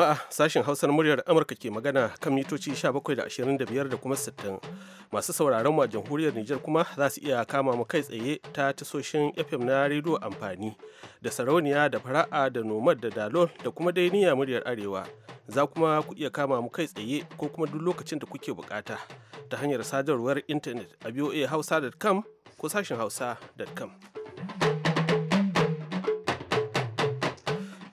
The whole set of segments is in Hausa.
jama'a sashen hausar muryar amurka ke magana kan mitoci 17.25 da kuma 60 masu sauraron mu a jamhuriyar nijar kuma za su iya kama mu kai tsaye ta tasoshin fm na rediyo amfani da sarauniya da fara'a da nomad da dalol da kuma dainiya muryar arewa za kuma ku iya kama mu kai tsaye ko kuma duk lokacin da kuke bukata ta hanyar sadarwar intanet a hausa.com ko sashen hausa.com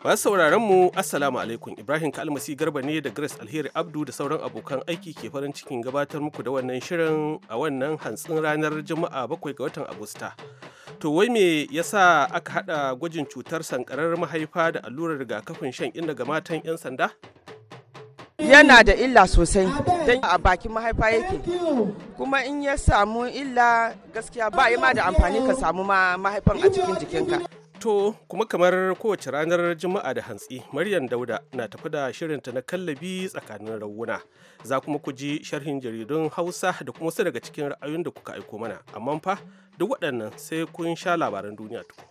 Masu sauraron mu Assalamu alaikum Ibrahim Kalmasi Garba ne da Grace Alheri Abdu da sauran abokan aiki ke farin cikin gabatar muku da wannan shirin a wannan hantsin ranar Juma'a bakwai ga watan Agusta. To wai me yasa aka hada gwajin cutar sankarar mahaifa da allurar rigakafin shan inda ga matan 'yan sanda? Yana da illa sosai don a bakin mahaifa yake kuma in ya samu illa gaskiya ba yi ma da amfani ka samu ma mahaifan a cikin jikinka. To kuma kamar kowace ranar Juma'a da hantsi, Maryam Dauda na tafi da shirinta na kallabi tsakanin rawuna. Za kuma ku ji sharhin jaridun Hausa da kuma su daga cikin ra'ayoyin da kuka aiko mana. Amma fa duk waɗannan sai kun sha labaran duniya tuku.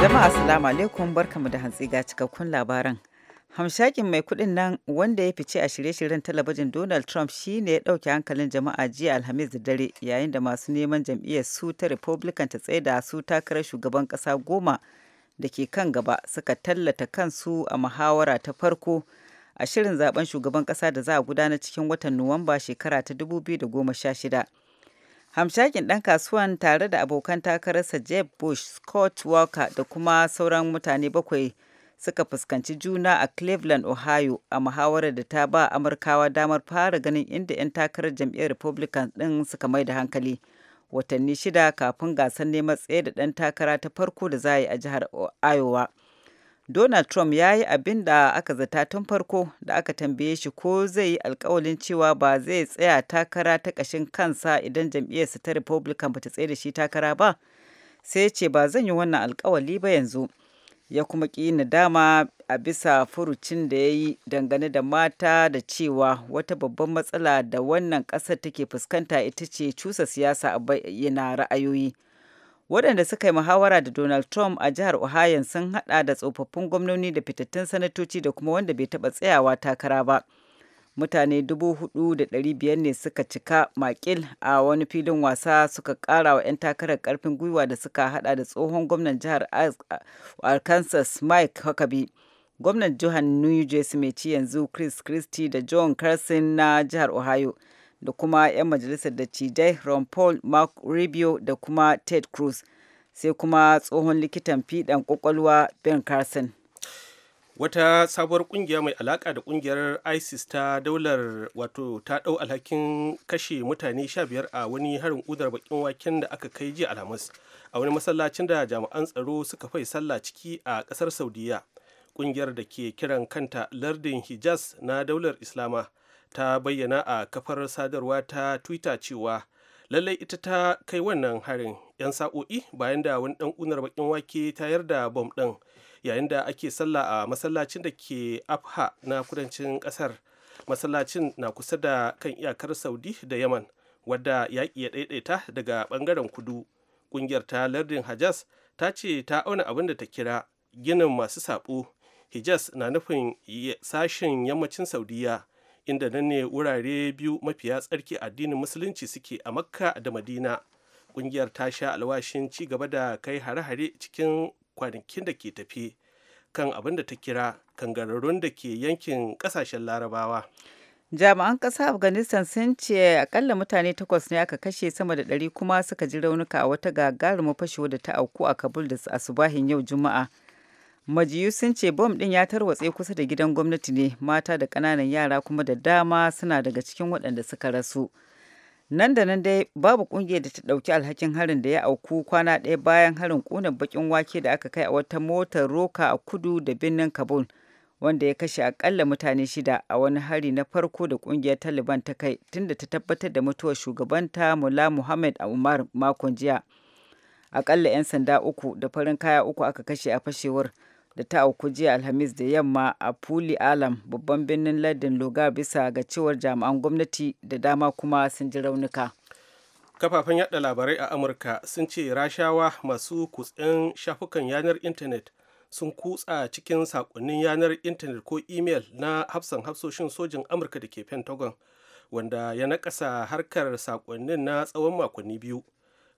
Jama'a asalamu alaikum barkamu da hantsi ga cikakkun labaran. hamshakin mai kudin nan wanda ya fice a shirye-shiryen talabijin donald trump shine ya dauke hankalin jama'a jiya alhamis da dare yayin da masu neman jam'iyyar su ta republican ta tsaida su takarar shugaban kasa goma da ke kan gaba suka tallata kansu a muhawara ta farko a shirin zaben shugaban kasa da za a gudanar cikin watan nuwamba shekara ta 2016 hamshakin ɗan kasuwan tare da abokan takararsa jeb bush scott walker da kuma sauran mutane bakwai suka fuskanci juna a Cleveland, Ohio a muhawarar da ta ba Amurkawa damar fara ganin inda 'yan takarar jam'iyyar Republican ɗin suka mai da hankali. Watanni shida kafin gasar neman tsaye da ɗan takara ta farko da za a yi a jihar Iowa. Donald Trump ya yi abin da aka zata tun farko da aka tambaye shi ko zai yi alkawalin cewa ba zai tsaya takara ta ƙashin kansa idan jam'iyyarsa ta Republican ba ta tsaye da shi takara ba. Sai ce ba zan yi wannan alkawali ba yanzu. ya kuma ƙi nadama a bisa furucin da ya yi dangane da mata da cewa wata babban matsala da wannan ƙasar take fuskanta ita ce cusa siyasa a bayyana ra'ayoyi waɗanda suka yi muhawara da donald trump a jihar ohio sun haɗa da tsofaffin gwamnoni da fitattun sanatoci da kuma wanda bai taɓa tsayawa takara ba mutane 4,500 ne suka cika makil a wani filin wasa suka kara wa 'yan takarar karfin gwiwa da suka hada da tsohon gwamnan jihar arkansas mike huckabee gwamnan jihar new jersey mai ci yanzu chris christie da john carson na jihar ohio da kuma 'yan majalisar da dattijai ron paul mark rubio da kuma ted cruz sai kuma tsohon likitan fiɗan kwakwalwa ben carson wata sabuwar kungiya mai alaka da kungiyar isis ta daular wato ta dau alhakin kashe mutane 15 a wani harin udar bakin waken da aka kai jiya alhamis a wani masallacin da jami'an tsaro suka fai sallah ciki a kasar saudiya kungiyar da ke kiran kanta lardin hijaz na daular islama ta bayyana a kafar sadarwa ta twitter cewa lallai ita ta kai wannan harin 'yan sa'o'i bayan da wani dan kunar bakin wake tayar da bom din yayin da ake sallah a masallacin da ke afha na kudancin kasar masallacin na kusa da kan iyakar saudi da yaman wadda yaƙi ya ɗaiɗaita daga ɓangaren kudu ƙungiyar ta lardin hajjas ta ce ta auna abin da ta kira ginin masu saɓo hijaz na nufin sashen yammacin saudiya inda nan ne wurare biyu mafiya tsarki addinin musulunci suke a makka da madina ƙungiyar ta sha alwashin ci gaba da kai hare-hare cikin kwanakin da ke tafi kan abin da ta kira kangararrun da ke yankin kasashen larabawa jami'an ƙasa afghanistan sun ce akalla mutane takwas ne aka kashe sama da ɗari kuma suka ji raunuka a wata gagarumar fashewa da ta auku a kabul da asubahin yau juma'a majiyu sun ce bom ɗin ya tarwatse kusa da gidan gwamnati ne mata da ƙananan yara kuma da dama suna daga cikin waɗanda suka rasu nan da nan dai babu kungiyar da ta ɗauki alhakin harin da ya auku kwana ɗaya bayan harin ƙunan bakin wake da aka kai a wata motar roka a kudu da birnin kabul wanda ya kashe akalla mutane shida a wani hari na farko da kungiyar taliban ta kai tunda ta tabbatar da mutuwar shugabanta mula muhammad umar makon jiya akalla 'yan sanda uku da farin kaya uku aka kashe a fashewar da ta auku jiya alhamis da yamma a puli alam babban birnin lardin loga bisa ga cewar jami'an gwamnati da dama kuma sun ji raunuka kafafen yada labarai a amurka sun ce rashawa masu kutsen shafukan yanar intanet sun kutsa cikin sakonnin yanar intanet ko imel na hafsan hafsoshin sojin amurka da ke pentagon wanda ya nakasa harkar sakonnin na tsawon makonni biyu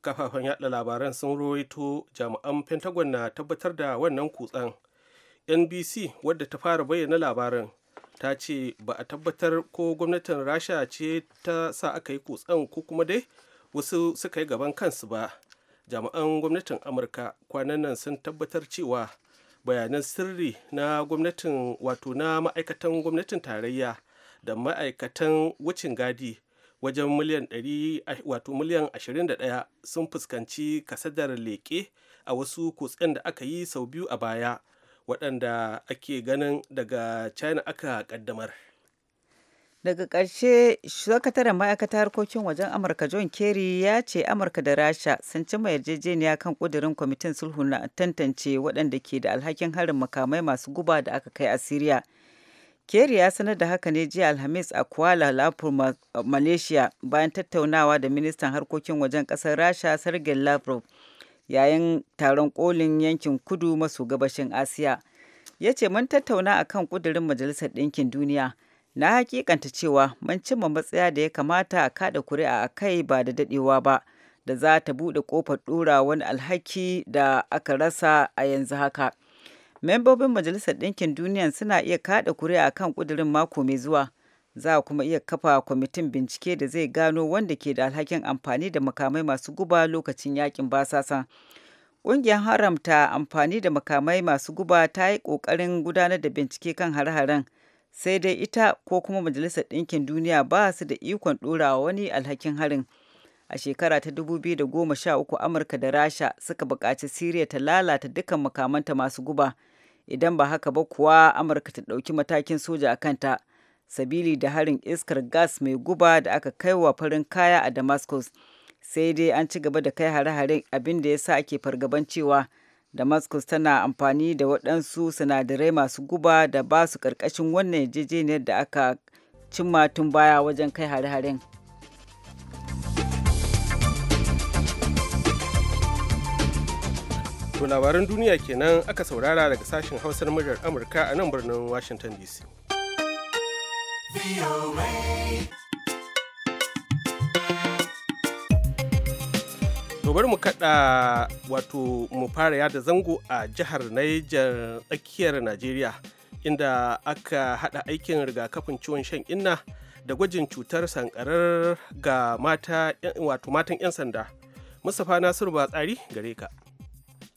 kafafen yada labaran sun ruwaito jami'an pentagon na tabbatar da wannan kutsen nbc wadda ta fara bayyana labarin ta ce ba a tabbatar ko gwamnatin rasha ce ta sa aka yi kutsen ko kuma dai wasu suka yi gaban kansu ba jami'an gwamnatin amurka kwanan nan sun tabbatar cewa bayanan sirri na gwamnatin wato na ma'aikatan gwamnatin tarayya da ma'aikatan wucin gadi wajen miliyan 100 ah, wato 21 sun fuskanci kasadar leƙe a wasu kutsen da aka yi sau biyu a baya waɗanda ake ganin daga china aka kaddamar. daga ƙarshe sakataren ma'aikatar harkokin wajen amurka john kerry ya ce amurka da rasha sun cimma yarjejeniya kan ƙudurin kwamitin sulhu na tantance waɗanda ke da alhakin harin makamai masu guba da aka kai a syria Kerry ya sanar da haka ne jiya Alhamis a Kuala Lumpur, Malaysia bayan tattaunawa da ministan harkokin wajen ƙasar Rasha Sergei Lavrov yayin taron kolin yankin kudu maso gabashin Asiya. Ya ce mun tattauna a kan kudurin Majalisar Ɗinkin Duniya. Na hakikanta cewa mun cimma matsaya da ya kamata a kada kuri'a a kai ba da dadewa ba da za ta buɗe ƙofar ɗora wani alhaki da aka rasa a yanzu haka. Membobin Majalisar Ɗinkin Duniya suna iya kaɗa kuri'a kan ƙudurin mako mai zuwa. Za a kuma iya kafa kwamitin bincike da zai gano wanda ke da alhakin amfani da makamai masu guba lokacin yakin basasa. Ƙungiyar haramta amfani da makamai masu guba ta yi ƙoƙarin gudanar da bincike kan hare-haren. sai dai ita ko kuma majalisar ɗinkin duniya ba su da ikon ɗorawa wani alhakin harin a shekara ta 2013 amurka da rasha suka buƙaci siriya ta lalata dukkan makamanta masu guba idan ba haka ba kuwa amurka ta ɗauki matakin soja a kanta sabili da harin iskar gas mai guba da aka kai wa farin kaya a damascus sai dai an ci gaba da kai hare-haren abin da ya sa ake fargaban cewa damascus tana amfani da waɗansu sinadarai masu guba da ba su ƙarƙashin wannan yarjejeniyar da aka cimma tun baya wajen kai hare-haren To labaran duniya kenan aka saurara daga sashen hausar muryar Amurka a nan birnin Washington DC. bari mu kada wato mu fara yada zango a jihar Niger tsakiyar Najeriya inda aka hada aikin rigakafin ciwon shan inna da gwajin cutar sankarar ga mata wato matan 'yan sanda. Mustapha Nasiru Batsari gare ka.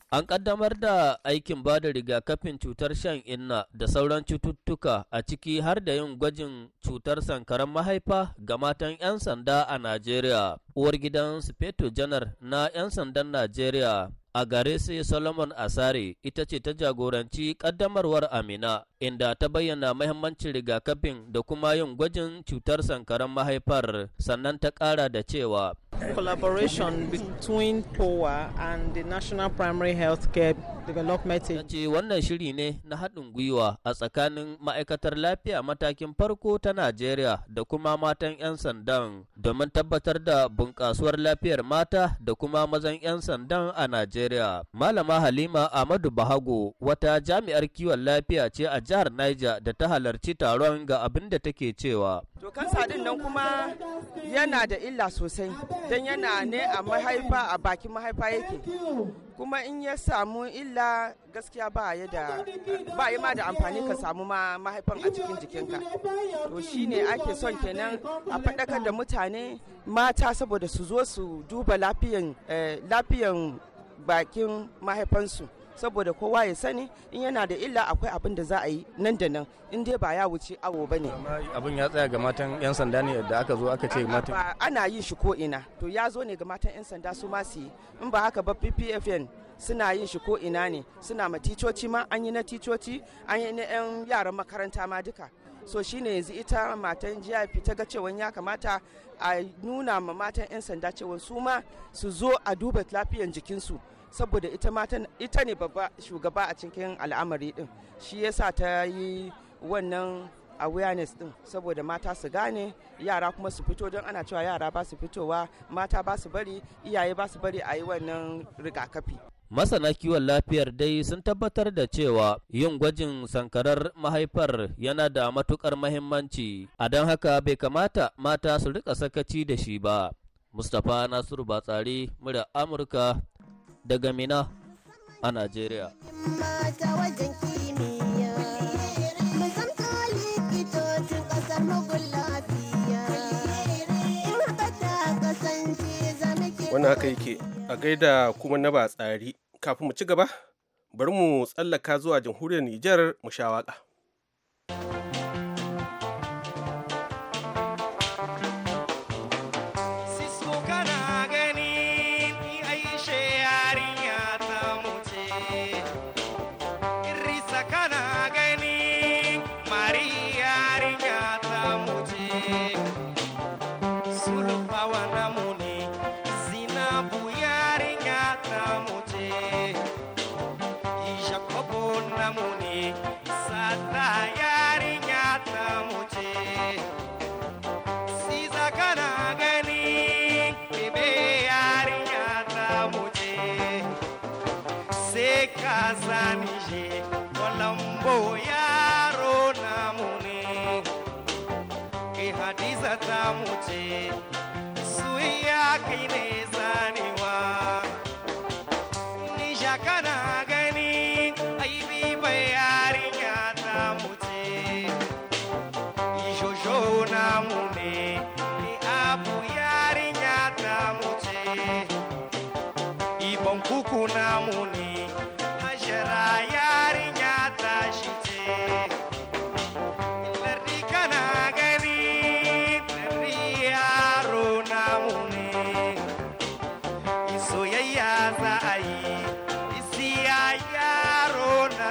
An ƙaddamar da aikin ba da rigakafin cutar shan inna da sauran cututtuka a ciki har da yin gwajin cutar sankaran mahaifa ga matan 'yan sanda a Najeriya. Uwar gidan Sufeto Janar na 'yan sandan Najeriya a Garese Solomon Asare ita ce ta jagoranci ƙaddamarwar Amina inda ta bayyana mahimmancin rigakafin da kuma yin gwajin cutar sankaran mahaifar sannan ta kara da cewa collaboration between POA and the National Primary Care Development Agency. wannan shiri ne na haɗin gwiwa a tsakanin ma'aikatar lafiya matakin farko ta Najeriya da kuma matan 'yan sandan domin tabbatar da bunƙasuwar lafiyar mata da kuma mazan 'yan sandan a Najeriya. Malama Halima Ahmadu Bahago wata jami'ar kiwon lafiya ce a jihar Niger da ta halarci taron ga abin da take cewa. To kansa nan kuma yana da illa sosai don yana ne a mahaifa a bakin mahaifa yake. Kuma in ya samu illa gaskiya ba ya da ba ma da amfani ka samu ma mahaifan a cikin jikinka. To shi ne ake son kenan a faɗakar da mutane mata saboda su zo su duba lafiyan eh, bakin mahaifansu. saboda kowa ya sani in yana da illa akwai abin da za a yi nan da nan in dai ba ya wuce awo ba ne abin ya tsaya ga matan yan sanda ne da aka zo aka ce matan ana yin shi ko ina to ya zo ne ga matan yan sanda su ma su yi in ba haka ba ppfn suna yin shi ko ina ne suna ma ticoci ma an yi na ticoci an yi na yan yaran makaranta ma duka so shine yanzu ita matan jiya fita ga cewa ya kamata a nuna ma matan 'yan sanda cewa su ma su zo a duba lafiyan jikinsu saboda ita ita ne babba shugaba a cikin al'amari din shi yasa ta yi wannan awareness din saboda mata su gane yara kuma su fito don ana cewa yara ba su fitowa mata ba su bari iyaye ba su bari a yi wannan rigakafi masana kiwon lafiyar dai sun tabbatar da cewa yin gwajin sankarar mahaifar yana da matukar mahimmanci a don haka bai kamata mata su rika sakaci da shi ba mustapha nasiru batsari murya amurka daga Mina a Najeriya. Wani haka yake a gaida kuma na ba tsari kafin mu ci gaba bari mu tsallaka zuwa jamhuriyar Nijar mu sha waka. mu ce su ya you.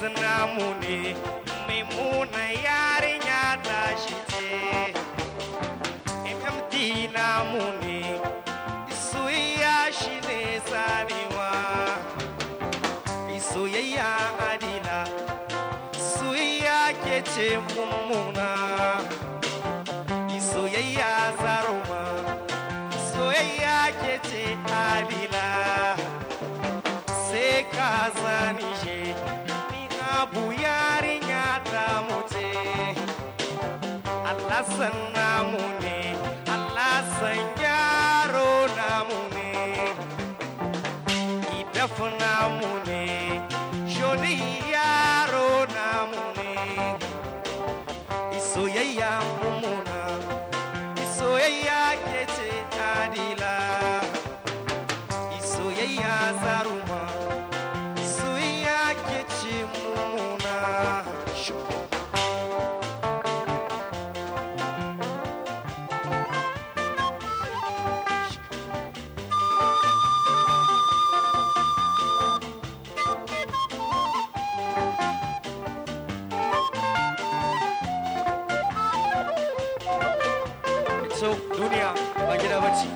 wasu namu ne mai muna yarinya ta shi ce mfd namu ne soyayya shi ne zanewa soyayya adila soyayya ke ce mummuna soyayya zaruma soyayya ke ce adila sai ka zani shi san namu Allah san so duniya ba gida bace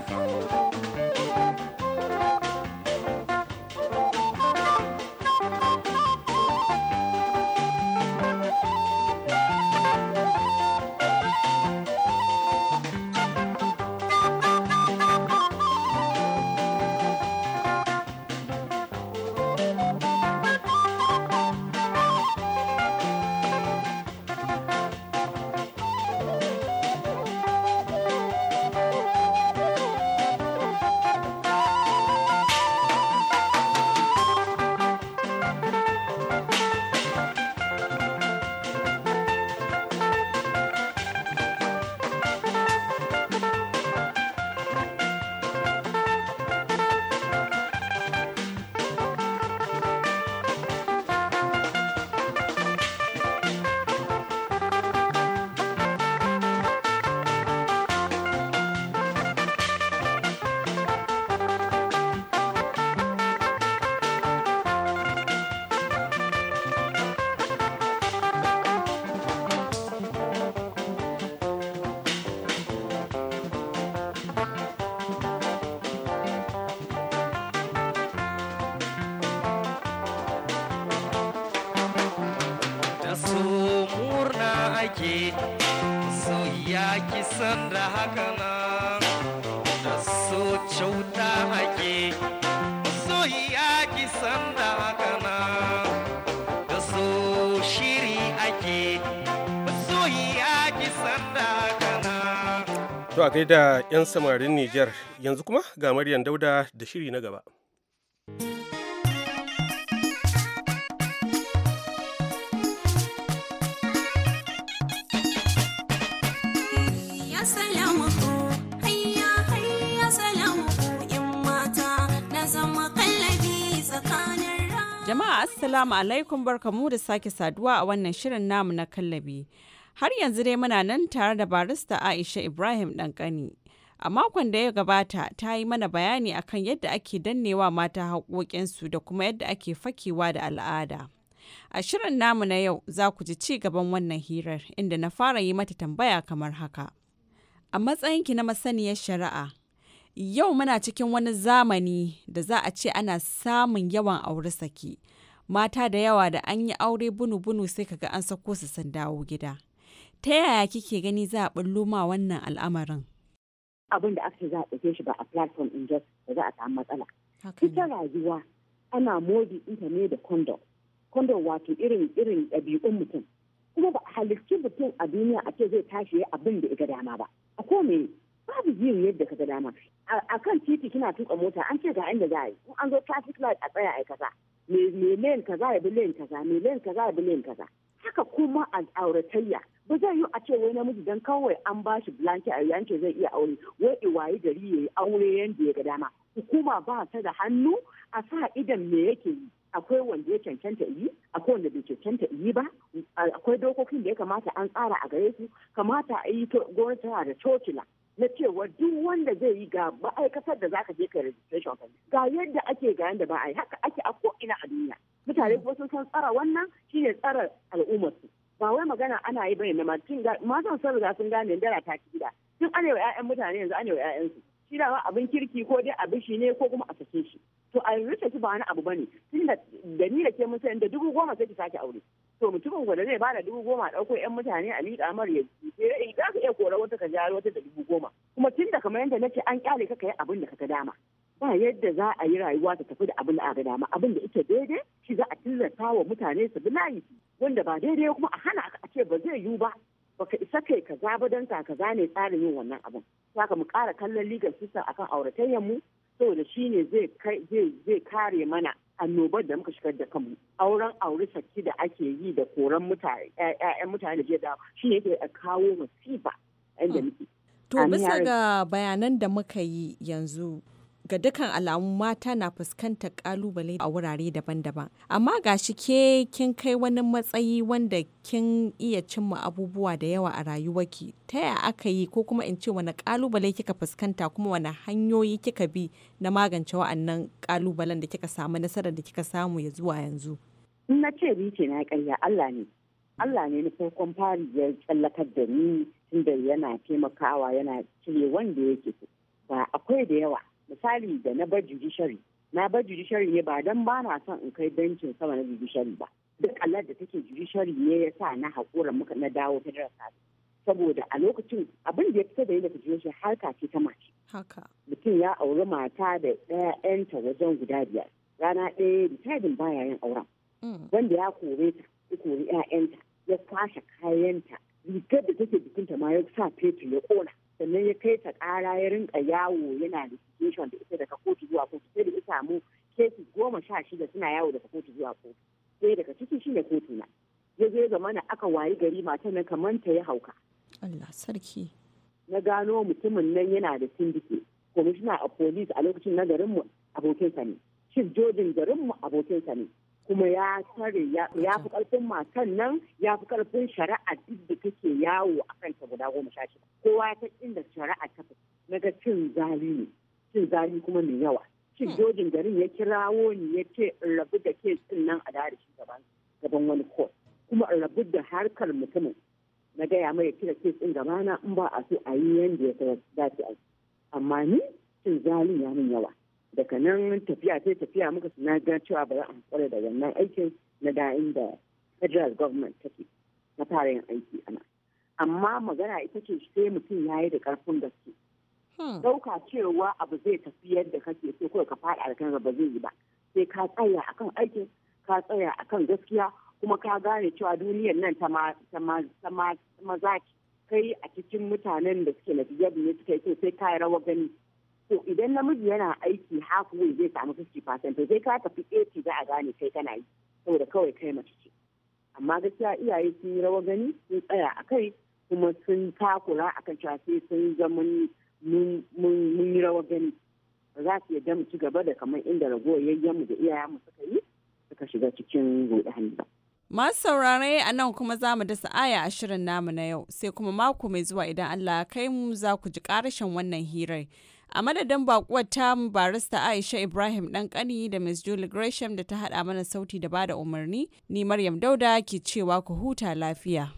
san da haka nan da so kyauta hake so yaki san da haka nan da so shiri ake so yaki san haka nan to a gaida 'yan samarin Nijar yanzu kuma ga Maryam Dauda da shiri na gaba. thank you Assalamu alaikum barkamu da sake saduwa a wannan shirin namu na kallabi. Har yanzu dai muna nan tare da barista Aisha Ibrahim Dankani. A makon da ya gabata ta yi mana bayani akan yadda ake dannewa mata haƙoƙinsu da kuma yadda ake fakewa da al'ada. A shirin namu na yau za ku ji ci gaban wannan hirar inda na fara yi mata tambaya kamar haka. A matsayinki na masaniyar shari'a, yau muna cikin wani zamani da za a ce ana samun yawan aure saki mata da yawa da an yi aure bunu-bunu sai kaga an sako su san dawo gida. Ta yaya kike gani za a ma wannan al'amarin? Abin da aka za a ɗauke shi ba a platform in just da za a samu matsala. Ita rayuwa ana modi ita ne da condom. Condom wato irin irin ɗabi'un mutum. Kuma ba a mutum a duniya a ce zai tashi ya abin da ga dama ba. A kome babu yin yadda ka ga dama. A kan titi kina tuka mota an ce ga inda za a yi. An zo traffic light a tsaya kasa? me len kaza ya bi len kaza me len kaza ya bi len kaza haka kuma a auratayya ba zai yi a ce wai namiji dan kawai an bashi shi a yanke zai iya aure wai iwaye gari ya aure yanda ya ga dama hukuma ba ta da hannu a sa idan me yake yi akwai wanda ya cancanta yi akwai wanda bai cancanta yi ba akwai dokokin da ya kamata an tsara a gare su kamata a yi gwamnati tana da cocila na cewa duk wanda zai yi ga ma'aikatar da zaka je ka registration ka ga yadda ake ga yadda ba a yi haka ake a ko ina a duniya mutane kuma sun san tsara wannan shine tsara su ba wai magana ana yi bane na matin matan sun riga sun gane dara ta ci gida sun anewa 'ya'yan mutane yanzu anewa su shi da abin kirki ko dai abin shi ne ko kuma a sake shi to a rufe shi ba wani abu bane tunda da ni da ke mun san da dubu goma sai ki sake aure to mutumin gwada zai bada dubu goma ɗauko yan mutane a liƙa mar ya ce eh, za ka iya kora wata ka jaro wata da dubu goma kuma tunda kamar yadda ce an kyale ka yi abin da ka dama ba yadda za a yi rayuwa ta tafi da abin da aka dama abin da ita daidai shi za a tilasta wa mutane su bi layi wanda ba daidai kuma a hana a ce ba zai yiwu ba baka isa kai kaza ba don ka kaza ne tsarin yin wannan abin saka mu ƙara kallon ligar sista akan auratayyar mu saboda shi ne zai kare mana annobar da muka shigar da kanmu auren aure saki da ake yi da koran mutane mutane da da shi ne a kawo masifa inda hmm. muke to bisa ga bayanan da muka yi yanzu ga dukkan alamu mata na fuskantar kalubale a wurare daban-daban amma ga shi ke kin kai wani matsayi wanda kin iya cimma abubuwa da yawa a rayuwarki ta ya aka yi ko kuma in ce wani kalubale kika fuskanta kuma wani hanyoyi kika bi na magance wa'annan kalubalen da kika samu nasarar da kika samu ya zuwa yanzu in na ce bi na karya Allah ne Allah ne na farkon fari ya tsallakar da ni tunda yana taimakawa yana cire wanda yake ba akwai da yawa misali da na bar judiciary na bar judiciary ne ba don ba na son in kai bencin sama na judiciary ba duk allah da take judiciary ne ya sa na haƙura muka na dawo federal service saboda a lokacin abin da ya fita da yin daga judiciary harka ce ta mace mutum ya auri mata da ɗaya yanta wajen guda biyar rana ɗaya misalin baya yin auren mm. wanda ya kore ta ya kori 'ya'yanta ya kwashe kayanta rigar da take jikinta ma ya sa fetur ya kona sannan ya kai ta kara ya rinka yawo yana da situation da ita daga kotu zuwa kotu sai da ya samu kesi goma sha shida suna yawo daga kotu zuwa kotu sai daga ciki shine kotu na ya zo zama na aka wayi gari matan nan kamar ta ya hauka Allah sarki na gano mutumin nan yana da sindike commissioner a police a lokacin na garinmu abokinsa ne chief jojin garinmu abokinsa ne kuma ya tare ya fi karfin matan nan ya fi karfin shari'a duk da take yawo a kanta guda goma sha shida kowa ya inda shari'a ta fi na ga cin zali ne cin zali kuma mai yawa cin jojin hmm. garin ya kirawo ni ya ce in rabu da ke tsin nan a dare shi gaban gaban wani kot kuma in rabu da harkar mutumin na gaya mai kira ke tsin gabana in ba a so a yi yanda ya dace a amma ni cin zali ya min yawa daga nan tafiya ta tafiya muka suna ga cewa ba za a kware da wannan aikin na da inda federal government take na fara yin aiki ana amma magana ita ce sai mutum ya yi da karfin gaske dauka hmm. cewa abu zai tafi yadda kake so kawai ka fada da kanka ba zai yi ba sai ka tsaya akan aikin ka tsaya akan gaskiya kuma ka gane cewa duniyar nan ta maza kai a cikin mutanen da suke na biye biye suka yi sai ka yi rawa gani to idan namiji yana aiki halfway zai samu 50% to zai ka tafi 80 za a gane kai kana yi saboda kawai kai mace ce amma gaskiya iyaye sun yi rawa gani sun tsaya a kai kuma sun takura akan cewa sai sun zama mun yi rawa gani ba za su yadda mu ci gaba da kamar inda ragowar mu da iyayenmu suka yi suka shiga cikin ruɗani ba. Masu saurare a nan kuma za mu dasa aya a shirin namu na yau sai kuma mako mai zuwa idan Allah ya kai mu za ku ji ƙarashin wannan hirar. a madadin bakuwar ta barista aisha ibrahim ɗanƙani da ms julie gresham da ta haɗa mana sauti da bada umarni ni maryam dauda ke cewa ku huta lafiya.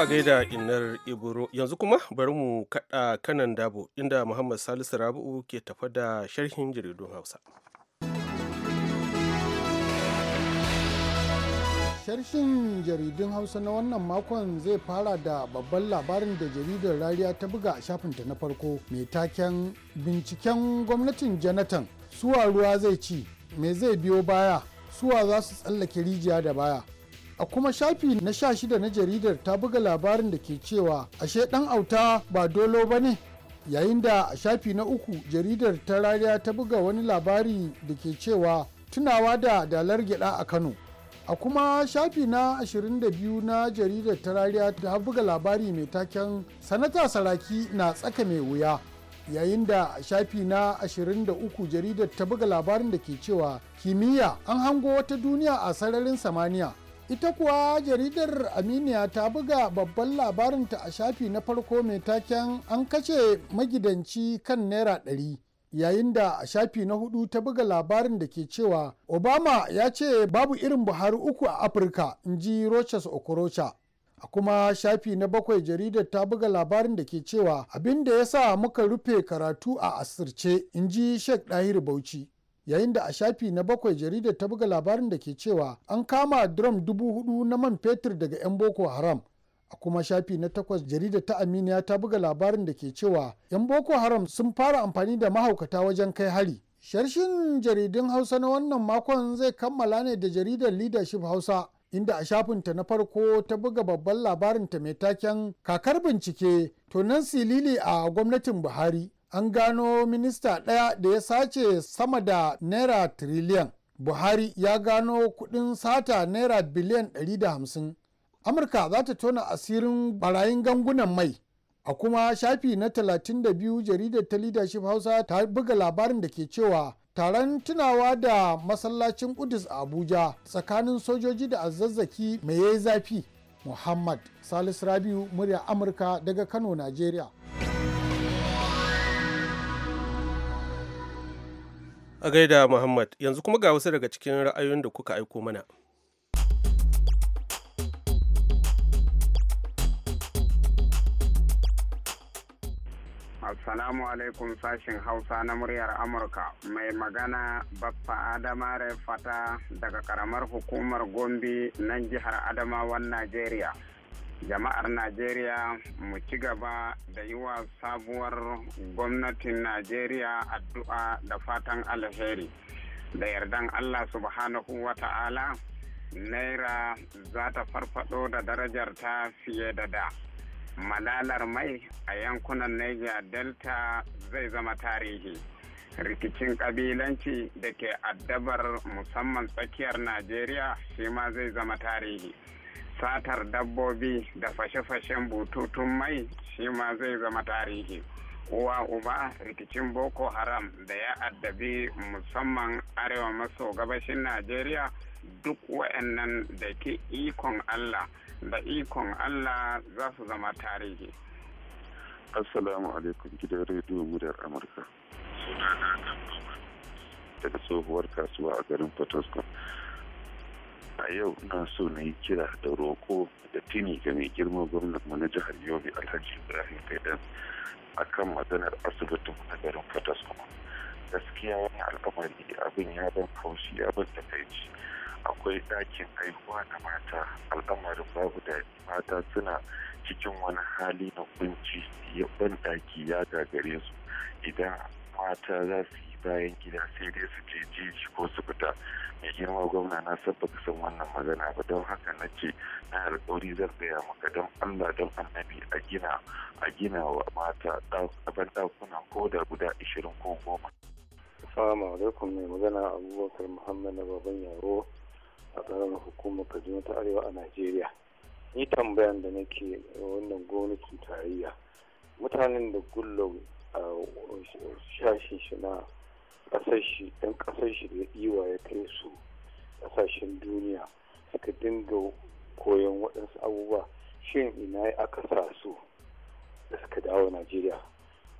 a gaida inar ibro yanzu kuma bari mu kaɗa kanan dabo inda muhammad salisu rabu'u ke tafa da sharhin jaridun hausa Sharshin jaridun Hausa na wannan makon zai fara da babban labarin da jaridar rariya ta buga a shafinta na farko mai taken binciken gwamnatin Jonathan suwa ruwa zai ci, mai zai biyo baya, suwa za su tsallake rijiya da baya. a kuma shafi na sha shida na jaridar ta buga labarin da ke cewa ashe dan auta ba dolo ba ne yayin da a shafi na uku jaridar ta rariya ta buga wani labari da ke cewa tunawa da dalar gyada a kano a kuma shafi na 22 na jaridar tarariya ta buga labari mai taken sanata saraki na tsaka mai wuya yayin da shafi na 23 jaridar ta buga labarin da ke cewa kimiyya an hango wata duniya a sararin samaniya ita kuwa jaridar aminiya ta buga babban labarinta a shafi na farko mai taken an kashe magidanci kan naira ɗari yayin da a shafi na hudu ta buga labarin da ke cewa obama ya ce babu irin buhari uku a afirka in ji rochas okorocha a kuma shafi na bakwai jaridar ta buga labarin da ke cewa abinda da ya sa muka rufe karatu a asirce in ji sheikh dahir bauchi yayin da a shafi na bakwai jaridar ta buga labarin da ke cewa an kama drum dubu hudu na man fetur daga 'yan boko haram a kuma shafi na takwas jaridar ta aminiya ta buga labarin da ke cewa 'yan boko haram sun fara amfani da mahaukata wajen kai hari sharshin jaridun hausa na wannan makon zai kammala ne da jaridar leadership hausa inda a shafinta na farko ta buga babban labarin ta mai taken kakar bincike to nan silili a gwamnatin buhari an gano minista ɗaya da ya sace sama da naira tiriliyan buhari ya gano kuɗin sata naira biliyan 150 amurka za ta tona asirin barayin gangunan mai a kuma shafi na 32 jaridar ta leadership hausa ta buga labarin da ke cewa taron tunawa da masallacin kudus a abuja tsakanin sojoji da azazzaki mai yayi zafi muhammad salisu rabiu murya amurka daga kano nigeria A gaida Muhammad, yanzu kuma ga wasu daga cikin ra'ayoyin da kuka aiko mana. Assalamu alaikum sashen Hausa na muryar Amurka mai magana Baffa Adamare Fata daga karamar hukumar Gombe nan jihar Adamawan Najeriya. jama'ar najeriya mu ci gaba da yi wa sabuwar gwamnatin najeriya addu'a da fatan alheri da yardan allah subhanahu wa ta'ala naira za ta farfado da darajar ta fiye da da malalar mai a yankunan niger delta zai zama tarihi rikicin kabilanci da ke addabar musamman tsakiyar najeriya shi ma zai zama tarihi satar dabbobi da fashe-fashen bututun mai shi ma zai zama tarihi uwa uba rikicin boko haram da ya addabi musamman arewa maso gabashin najeriya duk wa'annan da ke ikon allah da ikon allah za su zama tarihi assalamu alaikum gidan rediyo muryar amurka daga tsohuwar kasuwa a garin port a yau na so na yi kira da roƙo da tini ga mai girma gwamnan mu na jihar yobe alhaji ibrahim kaidan kan maganar asibitin a garin kuma gaskiya wani al'amari abin ya ban haushi ya ban takaici akwai ɗakin haihuwa na mata al'amarin babu da mata suna cikin wani hali na kunci ban ɗaki ya gagare su idan mata za su bayan gida sai dai su je jiji ko su fita mai girma gwamna na saba kasan wannan magana ba don haka na ce na alkawari zan gaya maka don allah don annabi a gina a gina wa mata abin ɗakuna ko da guda ashirin ko goma. Assalamu alaikum mai magana abubakar muhammad na baban yaro a tsarin hukumar kaduna ta arewa a najeriya. Ni tambayan da nake wannan gwamnatin tarayya mutanen da gullo a shashin shi na ƙasar shi ɗan shi da iwa ya kai su ƙasashen duniya suka dinga koyon waɗansu abubuwa shin ina aka sa su da suka dawo najeriya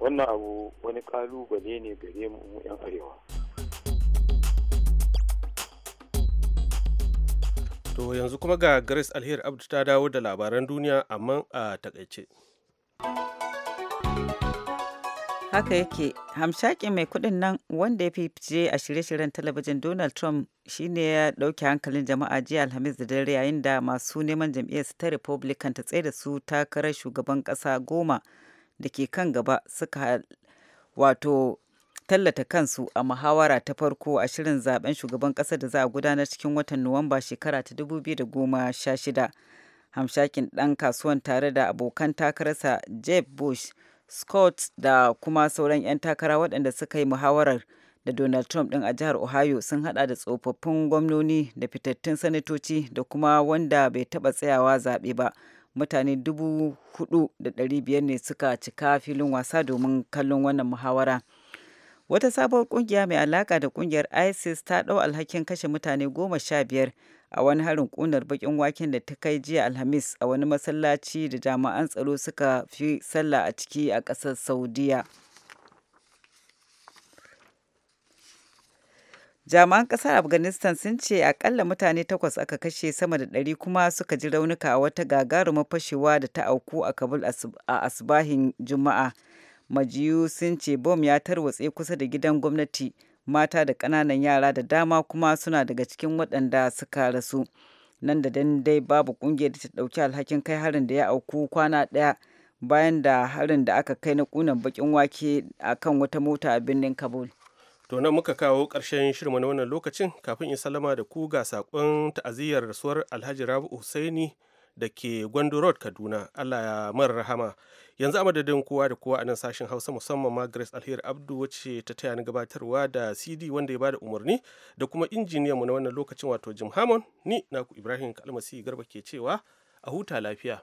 wannan abu wani ƙalubale ne gare mu 'yan arewa to yanzu kuma ga grace alheri abdu ta dawo da labaran duniya amma a takaice. haka yake hamshakin mai kuɗin nan wanda ya fice a shirye-shiryen talabijin donald trump shine ya dauke hankalin jama'a jiya alhamis da dare yayin da masu neman jam'iyyar ta republican ta tsaye da su takarar shugaban kasa goma da ke kan gaba suka wato tallata kansu a muhawara ta farko a shirin zaben shugaban kasa da za a gudanar cikin watan nuwamba shekara ta 2016 hamshakin dan kasuwan tare da abokan takararsa jeb bush Scott da kuma sauran 'yan takara waɗanda suka yi muhawarar da Donald Trump ɗin a jihar Ohio sun haɗa da tsofaffin gwamnoni da fitattun sanatoci da kuma wanda bai taɓa tsayawa zaɓe ba. Mutane dubu hudu da ɗari biyar ne suka cika filin wasa domin kallon wannan muhawara. Wata sabuwar ƙungiya mai alaƙa da ƙungiyar ISIS ta ɗau alhakin kashe mutane goma sha biyar a wani harin kunar bakin waken da ta kai jiya alhamis a wani masallaci da jami'an tsaro suka fi sallah a ciki a ƙasar saudiya jami'an ƙasar afghanistan sun ce akalla mutane takwas aka kashe sama da ɗari kuma suka ji raunuka a wata gagarumar fashewa da ta auku a kabul a asbahin juma'a majiyu sun ce bom ya tarwatse kusa da gidan gwamnati mata da ƙananan yara da dama kuma suna daga cikin waɗanda suka rasu nan da dandai dai babu ƙungiyar da ta ɗauki alhakin kai harin da ya auku kwana ɗaya bayan da harin da aka kai na ƙunan baƙin wake a kan wata mota a birnin kabul to nan muka kawo ƙarshen shirma na wannan lokacin kafin in salama da ku ga saƙon ta'aziyyar rasuwar alhaji rabu husaini da ke gwandu road kaduna allah ya mara rahama yanzu a madadin kowa da kowa a nan sashen hausa musamman ma grace alheri abdu wacce ta taya ni gabatarwa da cd wanda ya bada umarni da kuma injiniyan mu na wannan lokacin wato jim hammond ni naku ibrahim kalmasi garba ke cewa a huta lafiya